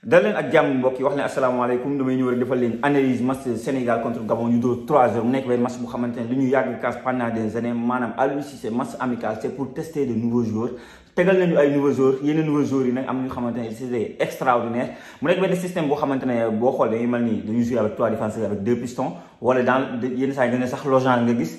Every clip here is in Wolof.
dal leen ak jamm mbokk yi wax leen asalaamaaleykum damay ñëw rek defal leen analyse match Sénégal contre Gabon ñu do 3-0 nek nekk match bu xamante ne li ñu yàgg kaas pendant des années maanaam Aliou Cissé match amical c'est pour tester de nouveaux joueurs tegal nañu ay nouveaux joueurs yenn nouveaux joueurs yi nak am ñu xamante c'est extraordinaire mu nekk benn système boo xamante bo xol dañuy mel ni dañuy jouer avec trois défenseurs avec deux pistons wala dans yene saa yi sax logeant nga gis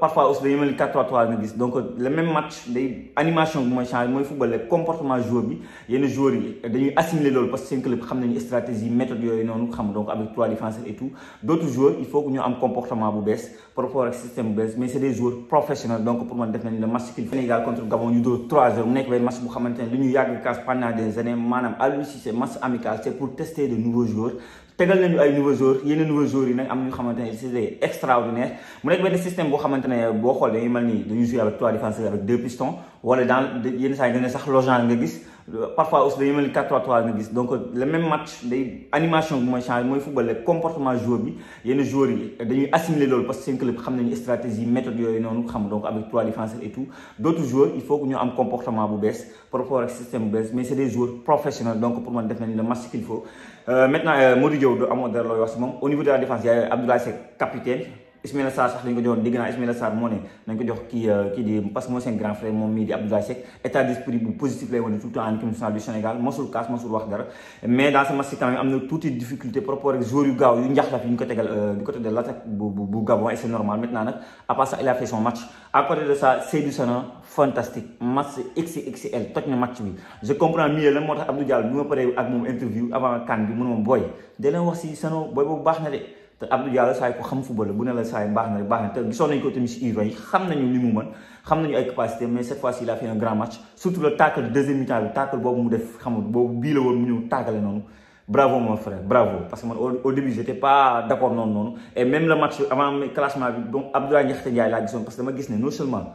parfois aussi dañu mel 4-3-3 donc le même match day animations bi mooy changé mooy football le comportement joueur a des joueurs qui dañuy assimiler parce que seen club xam stratégie méthode yooyu noonu xam donc avec trois défenseurs et tout D'autres joueurs il faut que ñu un comportement bu pour par rapport système bu mais c'est des joueurs professionnels donc pour moi, def le match est Sénégal contre Gabon ñu do 3-0 nek le un match bu a maintenu ñu yàgg casse pendant des années à lui c'est match amical c'est pour tester de nouveaux joueurs tegal nañu ay nouveaux joueurs yenn nouveaux joueurs yi nag am ñu xamante ne c'est extraordinaire mu nekk benn système boo xamante ne boo xoolee dañuy mel ni dañuy jouer avec trois défenseurs avec deux pistons wala dans yenn saa yi dañu sax logeant nga gis parfois aussi dañuy mel ni 4-3-3 nga gis donc le même match day animation bi mooy changé mooy football le comportement joueur bi yenn joueurs yi dañuy assimiler loolu parce que seen club xam nañu stratégie méthode yooyu noonu xam donc avec trois défenseurs et tout d' autres joueurs il faut que ñu am comportement bu bees par rapport ak système bu bees mais c' est des joueurs professionnels donc pour man def nañu le match qu'il faut euh, maintenant euh, Modou Diop du amoo dara looy wax au niveau de la défense il a Abdoulaye Seck capitaine Ismaïla Sarr sax lañ ko joxoon dégg naa Ismaïla Sarr moo ne nañ ko jox ki euh, kii di parce que mooy seen grand frère moom mii di Abdoulaye Seck état d'esprit bu positif lay wane tout le temps en équipe nationale du Sénégal mosul kaas mosul wax dara mais dans ce match quand même am na tuuti difficulté par rapport ak joueurs yu gaaw yu njaxlaf yu ñu ko tegal du côté de l'attaque bu bu Gabon et c'est normal maintenant nag à part ça il a fait son match à côté de ça Seydou Sana fantastique match XXL toj na match bi je comprends mieux lan moo tax Abdou Diallo bi ma paree ak moom interview avant CAN bi mu ne ma booy da leen wax si Sano boy boobu baax na de te Abdou Diallo saay ko xam football bu ne la saay baax na baax na te gisoon nañu ko tamit si u yi xam nañu li mu mën xam nañu ay capacité mais cette fois-ci il a fait un grand match surtout le tackle deuxième mi-temps le tackle boobu mu def xam boobu bii la woon mu ñëw tackle noonu bravo mon frère bravo parce que man au début j'étais pas d'accord noonu noonu et même le match avant classement bi bon Abdoulaye Ndiakhate Ndiaye laa gisoon parce que dama gis ne non seulement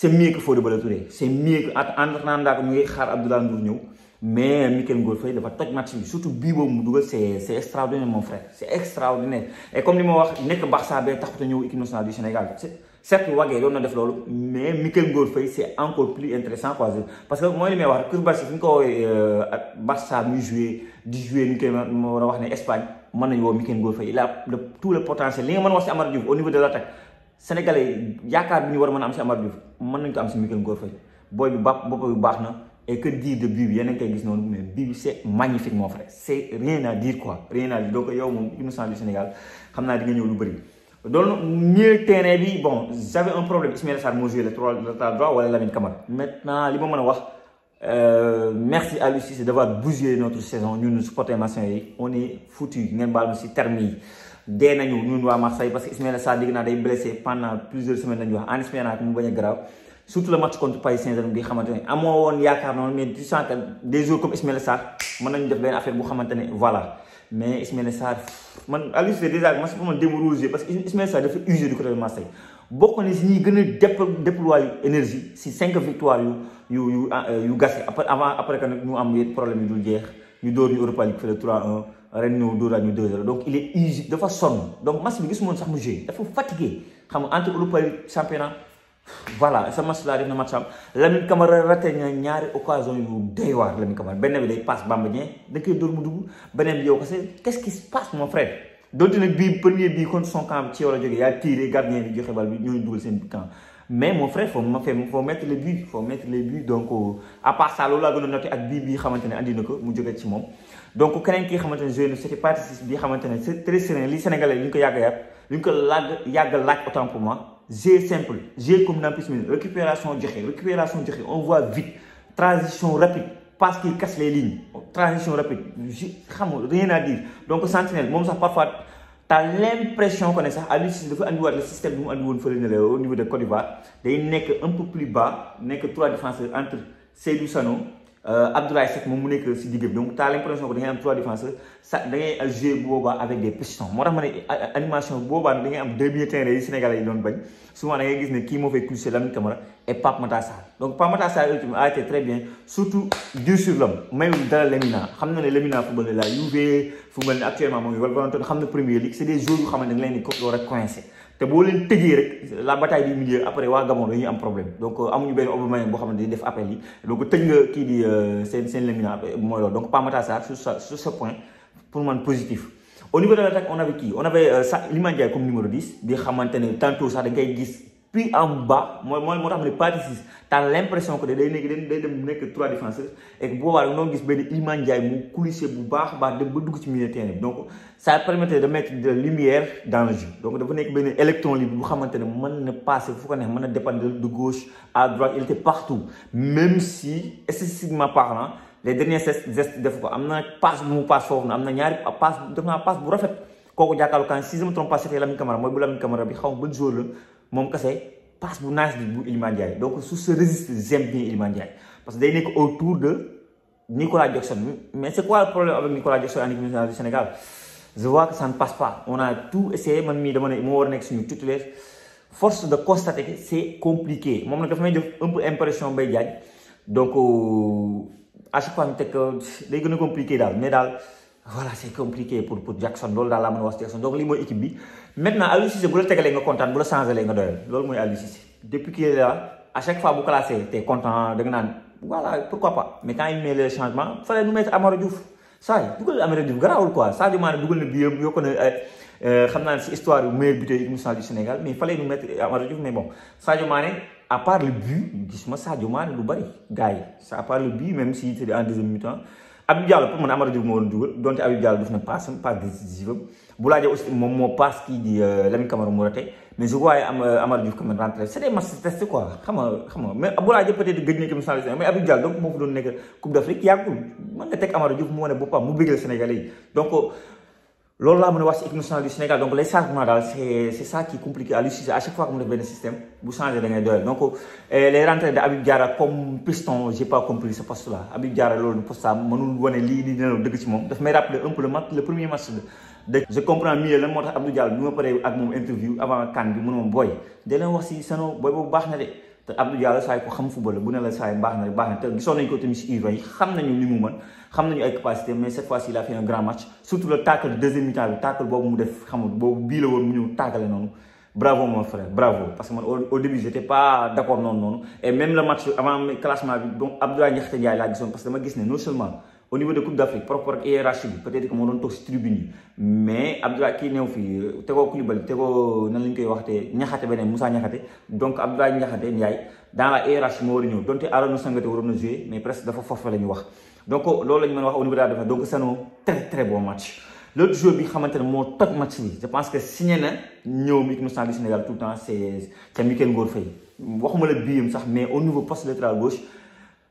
c'est mieux que Fodé Ballo Touré c'est mieux que en tant que mu ngi xaar Abdoulaye Ndour mais Mikayil Ngor il dafa toj match surtout Bibo Moudouga mu dugal c'est c'est extraordinaire mon frère c'est extraordinaire et comme ni ma wax nekk Barça bee taxut a ñëw équipe nationale du Sénégal certes Wagué doon na def mais Mikayil Ngor c'est encore plus intéressant quoi parce que moi li may que Koulibaly fi ñu ko woowee euh, Barça muy joué di joué ñu koy ma a wax ne Espagne mën nañu woo Mikayil Ngor il a tout le potentiel li nga mën wax si Amara au niveau de l'attaque sénégalais yi yaakaar bi ñu war a mën a am si Amath Diouf mën nañ ko am si Mikayil Ngor Faye booy bi ba bopp bi baax na et que dire de but bi yéen a ngi koy gis noonu mais but bi c'est magnifique mon frère c'est rien à dire quoi rien à dire donc yow moom innocent du Sénégal xam naa di nga ñëw lu bëri donc milieu terrain bi bon j'avais un problème Ismaël Sarr moo joué le trois de droit wala Lamine Camara maintenant li ma mën a wax euh, merci à lui Cissé d'avoir bougé notre saison ñun supporters maçon yi on est foutu ngeen baal ma si terme yi dee nañu ñun waa Marseille parce que Ismaïla Sarr dégg naa day blessé pendant plusieurs semaines lañu wax en espérant que mu bañ a garaaw surtout le match contre Paris Saint-Germain bi xamante ne amoo woon yaakaar noonu mais tu sens que des comme Ismaïla Sarr mën nañu def benn affaire bu xamante voilà mais Ismaïla Sarr man à l'issue déjà match Marseille bokk na si ñuy gën a déployer énergie si cinq victoires yu yu yu ah, euh, yu gasé après avant après ñu am problème yu jeex ñu door ñu Europa ren ñu dóoraat ñu 2 h donc il est usé dafa sonn donc match bi gis woon sax mu joué dafa fatigué xam entre Europa championnat voilà ce match là def na match am Lamine Camara raté na ñaari occasion yu doy waar Lamine Camara benn bi day passe Bamba Dieng da kay dóor mu dugg beneen bi yow kese qu'est-ce qui se passe mon frère donte nag bii premier bi kon son camp ci yow la jógee tiré gardien bi joxe bal bi ñooy dugal sen camp mais mon frère faut faut mettre les buts faut mettre les buts donc euh, à part ça là laa gën a noté ak bii bi andi na mu joge ci mom donc keneen ki xamante ne joué na c'était participe bi xamante c'est très serein li sénégalais li ñu ko yag yag li ñu ko lag yag lag autant pour moi j'ai simple j'ai comme Nampalys minutes récupération joxe récupération joxe on voit vite transition rapide parce qu'il casse les lignes transition rapide xam rien à dire donc sentinelle moom sax parfois as l'impression que tu sax de le système au niveau de Côte d'Ivoire un peu plus bas que trois défenseurs entre Seydou Sano euh, Abdoulaye que l'impression que y trois défenseurs ça da avec des pistons moi animation deux milieux Sénégalais ils souvent da et Pape Matassa donc Pamata Sarr ultime a été très bien surtout dur sur l'homme même dans Lemina xam na ne Lemina football la Juve football ne actuellement moom ngi Wolverhampton xam na Premier League c' est des joueurs yu xamante ne dañ leen di ko door a coincé te boo leen tëjee rek la bataille du milieu après waa Gabon dañuy am problème donc euh, amuñu benn Aubameyang boo xam ne dañuy def appel yi donc tëj nga kii di euh, seen seen Lemina euh, mooy loolu donc Pamata Sarr sur sur ce point pour man positif au niveau de l' attaque on avait qui on avait Iliman comme numéro 10 bi xamante ne tantôt sax da ngay gis puis en bas moi moi moo tax ne partie 6 t'as l'impression que day nekk day dem nekk trois défenseurs et que boobaa noo gis ben iman Ndiaye mu coulissé bu baax a baax dem ba dugg ci milieu terrain donc ça permettait de mettre de la lumière dans le jeu donc de nekk ben électron libre bu xamante ne mën ne passer fu ko neex mën dépendre de gauche à droite il était partout même si esthétiquement parlant les derniers gestes def ko amna passe bu mu passe foofu amna am ñaari passe def naa passe bu rafet kooku jàkkaarloo kan si je me trompe pas c'était Lamine caméra moi bu Lamine caméra bi xaw ma ban jour mom kasse passe bu nice bu Iliman Ndiaye donc sous ce registre j'aime bien Iliman parce que day autour de Nicolas Jackson mais c'est quoi le problème avec Nicolas Jackson en équipe du Sénégal je vois que ça ne passe pas on a tout essayé man mi dama ne moo war nek nekk suñu titulaire force de constater que c'est compliqué mom nak dafa def un peu impression de Diagne donc euh, à chaque fois c'est que compliqué là? mais dans voilà c'est compliqué pour pour Jackson lol dans la mën wax Jackson donc lii mooy équipe bi maintenant Aliou Cissé bu la tegalee nga kontaan bu la changé nga doyal loolu Aliou Cissé depuis qu'il est là à chaque fois bu classé t'es content de nga voilà pourquoi pas mais quand il met le changement fallait nous mettre Amara Diouf saa yi Amadou Amara Diouf grawul quoi Sadio Mané dougal na biyam yokk na euh, euh, xam naa ne histoire meilleur buteur équipe nationale du Sénégal mais fallait nous mettre Amara Diouf mais bon Sadio Mané à part le but dis-moi, Sadio Mané lu bari gars ça à part le but même si c'était en deuxième mi-temps Habib Diallo pour man Amara Diouf moo doon dugal donte Habib Diallo def na passe passe décisive am bu laajee aussi moom moo passe kii di euh, Lamine Camara mu raté mais je euh, test quoi xam nga xam nga mais bu laajee peut être gëj na ci nationalité mais Habib Diallo donc moo ko doon nekk Coupe d' yàggul mën nga teg Amara Diouf mu wane boppam mu bëggal Sénégalais yi lolu la mën wax ci équipe nationale du Sénégal donc les changements daal c'est c'est ça qui complique. compliqué à l'UCG à chaque fois que mu def benn système bu changé da ngay doyal donc eh, les rentrées de Habib Diarra comme piston j'ai pas compris ce poste là Habib Diarra loolu poste là mënul wane lii di nelaw dëgg ci moom daf may rappelé un peu le match le premier match de je comprends mieux lan moo tax Abdou Diallo bi ma paree ak moom interview avant quand bi mënuma booy De leen wax ci sano boy boobu baax na de te Abdou Diallo saay ko xam football bu ne la say baax na rek baax na te gisoon nañu ko tamit si U20 xam nañu li mu mën xam nañu ay capacité mais cette fois ci il a fait un grand match surtout le tackle deuxième mi-temps bi tackle bobu mu def xamul bobu bi la won mu ñëw tagalé nonu bravo mon frère bravo parce que man au début j'étais pas d'accord non, non. et même le match avant classement bi donc Abdoulaye Ndiakhate Ndiaye la gisoon parce que dama gis né non seulement au niveau de Coupe d'Afrique propre rapport ak hiérarchie peut-être que moo doon toog tribune mais Abdoulaye kii néew fii Tego Koulibaly Tego nan la ñu koy waxatee Niakhate beneen Moussa Niakhate donc Abdoulaye Niakhate Ndiaye dans la hiérarchie moo war a ñëw donte Arona Sangate jouer mais presque dafa forfait la ñu wax donc loolu la ñu wax au niveau de la défense donc c'est un très très bon match l'autre joueur bi nga xamante ne moo match bi je pense que signé na ñëw mi mu Sénégal tout le temps c'est c'est Mikayil Ngor Faye waxuma la biyam sax mais au niveau poste latéral gauche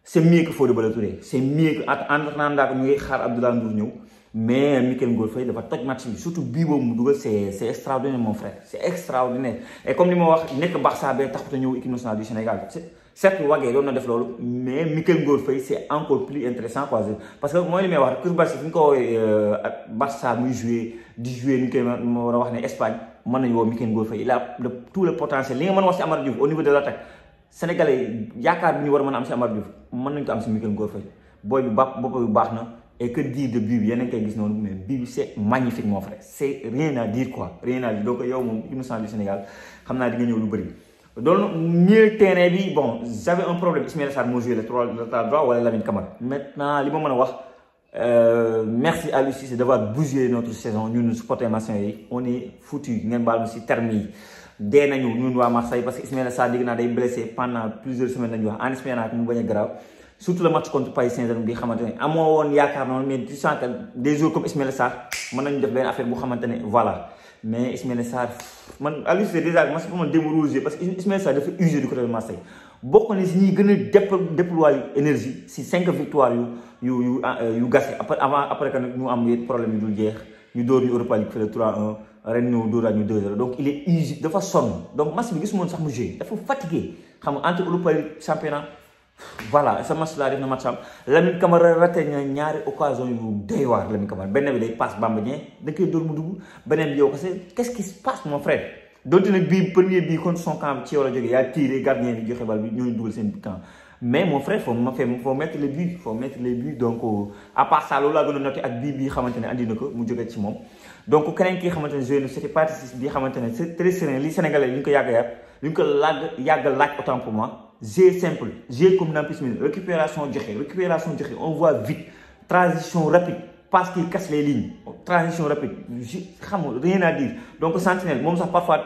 c'est mieux que Fodou Ballo Touré c'est mieux que en tant que ñu ngi xaar Abdoulaye Ndour ñëw mais Mikayil Ngor Faye dafa toj match bi surtout bii boobu mu dugal c'est c'est extraordinaire mon frère c'est extraordinaire et comme ni ma wax nekk Barça bee taxut a ñëw équipe nationale du Sénégal C'est, c'est Wagué doon na def loolu mais Mikayil Ngor Faye c'est encore plus intéressant quoi parce que mooy li may wax rek Koulibaly fi ñu ko woowee euh, Barça muy joué di joué ñu koy ma war wax ne Espagne mën nañu woo Mikayil Ngor Faye il a tout le potentiel li nga mën a wax si Amara au niveau de l'attaque Sénégalais yi yaakaar bi ñu war a mën a am si amar Diouf mën nañu ko am si Michel Ngor Faye booy bi baax bi baax na et que dire de bii bi yéen a ngi koy gis noonu mais bii bi c' est magnifique mon frère c' est rien à dire quoi rien à dire donc yow moom innocent du Sénégal xam naa di nga ñëw lu bëri. donc milieu terrain bi bon j' avais un problème Ismaël Sarr moo joué le trois le latéral droit wala Lamine Camara maintenant li ma mën a wax. Euh, merci à lui d'avoir bougé notre saison. Nous, nous supportons les On est foutus. Nous sommes terminés. dee nañu ñun waa Marseille parce que Ismaïla Sarr dégg naa day blessé pendant plusieurs semaines lañu wax en espérant que mu bañ a garaaw surtout le match contre Paris Saint-Germain bi xamante ne amoo woon yaakaar noonu mais tu sens que des comme Ismaïla Sarr mën nañu def benn affaire bu xamante voilà mais Ismaïla Sarr man Aliou Cissé déjà parce que Ismaïla Sarr dafa usé du côté de Marseille bokk na si ñuy gën a déployer énergie si cinq victoires yu yu yu ah, euh, ren ñëw dóoraat ñu 2 h donc il est usé dafa sonn donc match bi gis mon sax mu joué dafa fatigué xam nga entre Europa championnat voilà sa match là def na match am Lamine Camara raté na ñaari occasion yu doy war Lamine Camara benn bi day passe Bamba ñé da koy dóor mu dugg beneen yow kese qu'est-ce qui se passe mon frère donte nag bii premier bi kon son camp ci wala la ya tiré gardien bi joxé bal bi ñooñu dugal sen camp mais mon frère faut ma fait faut mettre les buts faut mettre les buts donc euh, à part ça loolu la gën noté ak bi bi xamanténi ne andi na ko mu jóge ci mom donc keneen ki nga xamante ne jeune c'était parti bi nga xamante ne c'est très serein li Sénégalais li ñu ko yàgg yàgg li ñu ko làgg yàgg laaj autant pour moi jeu simple jeu comme Nampalys Mendy récupération joxe récupération joxe on voit vite transition rapide parce qu'il casse les lignes transition rapide je rien à dire donc sentinelle moom sax parfois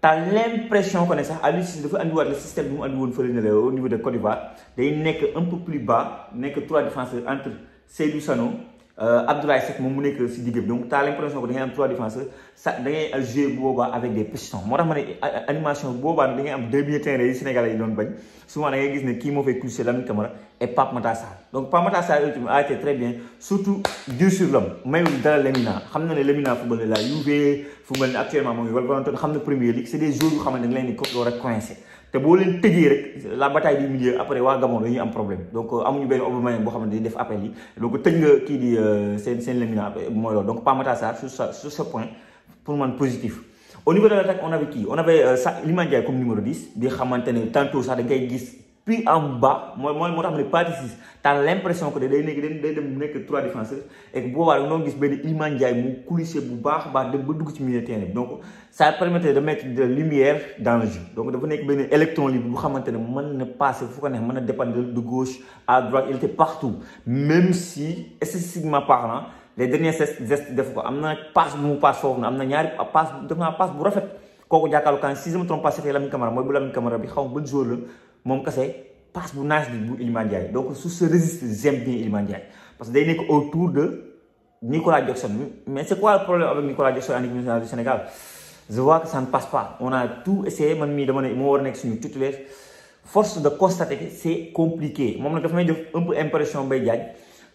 t'as l'impression que ne sax Aliou Cissé dafa andiwaat le système bi mu andi woon fële ne au niveau de Côte d'Ivoire day nekk un peu plus bas nekk trois défenseurs entre Seydou Sano euh, Abdoulaye Seck moom mu si digg donc t'as l'impression que da am trois défenseurs ça da ngay jouer avec des pistons Moi tax ma animation boobaa da am deux milieux terrain yi Sénégalais yi doon bañ souvent da ngay gis ne kii moo fay coucher Lamine Camara et Pape Matassa. donc Pape Matassa a été très bien surtout Dieu sur l'homme Même dara Lemina xam na ne Lemina football la Juve football ne actuellement moo ngi Wolverhampton xam na Premier League c'est des joueurs yu xam ne da nga ko coincé te bo len tejé rek la bataille du milieu après wa gamon dañuy am problème donc amuñu ben obama bo xamanteni def appel yi donc tej nga ki di sen sen lamina moy lo donc mata sa sur ce point pour man positif au niveau de l'attaque on avait qui on avait Limandia comme numéro 10 bi xamanteni tantôt sa da ngay gis puis en bas moi moi moi tax partie t'as l'impression que day des day dem nekk trois défenseurs et que boobaa noo gis benn Iliman Ndiaye mu coulisser bu baax a baax dem ba dugg ci milieu terrain donc ça permet de mettre de la lumière dans le jeu donc dafa nekk ben électron libre bu xamante ne mën na passer fu ko neex mën dépendre de gauche à droite il était partout même si excessivement parlant les derniers gestes def ko amener passe bu mu passe foofu amener am ñaari passe def passe bu rafet kooku j'ai kan si je me trompe pas fait la Camara mooy bu Lamine Camara bi xaw ma jour moom kasse passe bu nage bi bu Iliman donc sous ce registre j'aime bien Iliman parce que day nek autour de Nicolas Jackson mais c'est quoi le problème avec Nicolas Jackson en équipe du Sénégal je vois que ça ne passe pas on a tout essayé man mi dama ne war a tout suñu force de constater que c'est compliqué Je me suis fait def un peu impression bay Diagne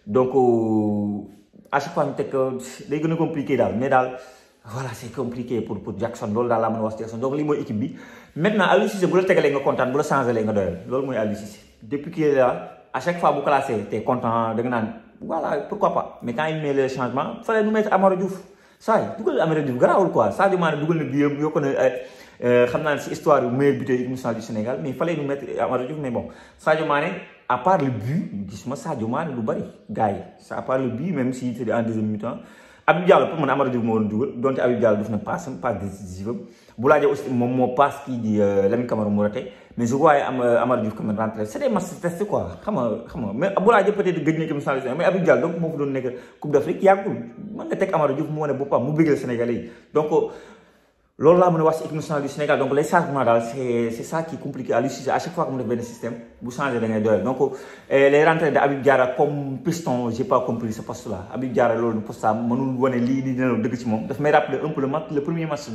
donc euh, à chaque fois c'est compliqué mais dal voilà c'est compliqué pour pour Jackson loolu daal laa mën a wax Jackson donc lii mooy équipe bi maintenant Aliou Cissé bu la tegalee nga kontaan bu la changé lee nga doyal loolu mooy Aliou Cissé depuis qu'il est là à chaque fois bu classé t' es content da nga naan voilà pourquoi pas mais quand il met le changement fallait nous mettre Amara Diouf saa yi dugal Amara Diouf garaawul quoi Sadio Mané dugal na biyam yokk na euh, euh, xam naa ne si histoire bi meilleur buteur équipe du Sénégal mais fallait nous mettre Amara Diouf mais bon Sadio Mané à part le but gisuma Sadio Mané lu bari gars yi à part le but même si c' en deuxième mi-temps Habib Diallo pour man Amara Diouf moo woon dugal donte Habib Diallo def na passe passe décisive am Boulaye aussi moom moo passe kii di euh, Lamine Camara mu raté mais je voyais am euh, Amara Diouf quand même rentré c' est des matchs test quoi xam nga xam nga mais Boulaye peut être gëj na comme solution mais Habib Diallo donc moo fa doon nekk Coupe d' Afrique yàggul mën nga teg Amara Diouf mu wane boppam mu bëggal Sénégalais donc. lolu la mën wax ci équipe nationale du Sénégal donc les changements daal c'est c'est ça qui complique à Aliou à chaque fois que mu def système bu changer da ngay doyal donc eh, les rentrées de Habib Diarra comme piston j'ai pas compris ce poste là Habib Diarra lolu poste là mënul woné li nii dina deug ci mom daf may rappeler un peu le match le premier match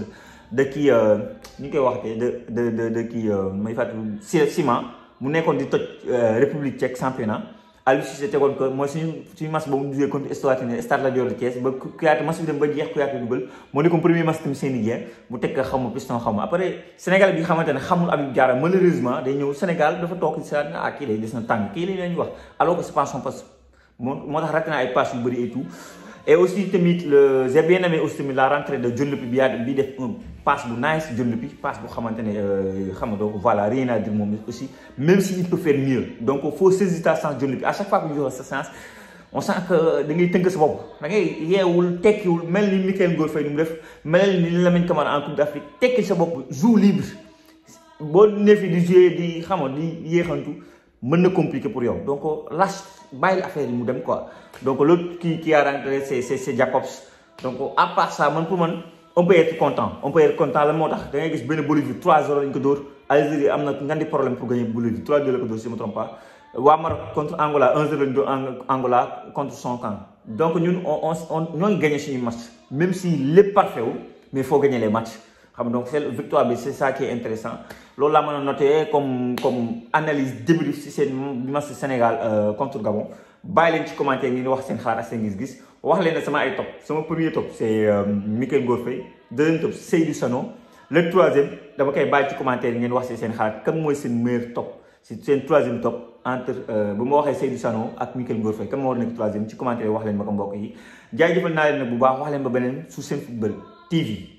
de qui euh, ni ñu koy waxatee de de de de qui euh, may fàttali Sima mu nekkoon di toj euh, République tchèque championnat Alusi ci c'était kon moy suñu suñu mas bu ñu kon histoire tane start la diol ties ba kuyaat mas bi dem ba jeex kuyaat dugul mo ne ko premier mas tim seen jeex mu tek xam piston xam après sénégal bi xamantene xamul abou diara malheureusement day ñew sénégal dafa tok ci sa ak ki lay gis tank ki ñu wax alors que c'est pas son poste mo tax rat na ay passe yu bari et tout et aussi tamit le j'ai bien aimé aussi la rentrée de jeune bi bi def passe bu nice jël bi passe bu xamantene ne euh, xam voilà rien à dire moom aussi même si il peut faire mieux donc faut saisir ta chance jël bi à chaque fois que ñu joxe sa chance on sent que da ngay tënk sa bopp da ngay yewul tekkiwul mel ni Mikayil Ngor Faye def mel ni Lamine Camara en Coupe d'Afrique tekki sa bopp joue libre boo neuf di jouer di xam nga di yéexantu mën na compliqué pour yow donc lâche bail affaire yi mu dem quoi donc l'autre qui qui a rentré c'est c'est Jacobs donc à part ça man pour man on peut être content on peut être content Le moo tax da ngay gis Bolivie 3-0 lañ ko dóor Algérie y a ngandi problème pour gagner Bolivie 3-2 la ko je si me trompe pas waa Maroc contre Angola 1-0 Angola contre son camp donc nous, on on ñoo ngi gagné match même si est parfait mais il faut gagner les matchs donc c'est victoire c'est ça qui est intéressant loolu laa mën noter comme comme analyse débrief si seen match Sénégal euh, contre Gabon bàyyi leen ci commentaire ngeen wax seen xalaat ak seen wax leen ne sama ay top sama premier top c' est Mikel Ngor Fay deuxième top Seydou Sano le troisième dama koy bàyyi ci commentaire ngeen wax si seen xalaat kan mooy seen meilleur top si seen um, troisième top entre euh, bu ma waxee Seydou Sano ak Mikel Ngor Fay kan moo war a nekk troisième ci commentaire wax leen ma ko mbokk yi jaajëfal naa leen bu baax wax leen ba beneen sous seen football TV.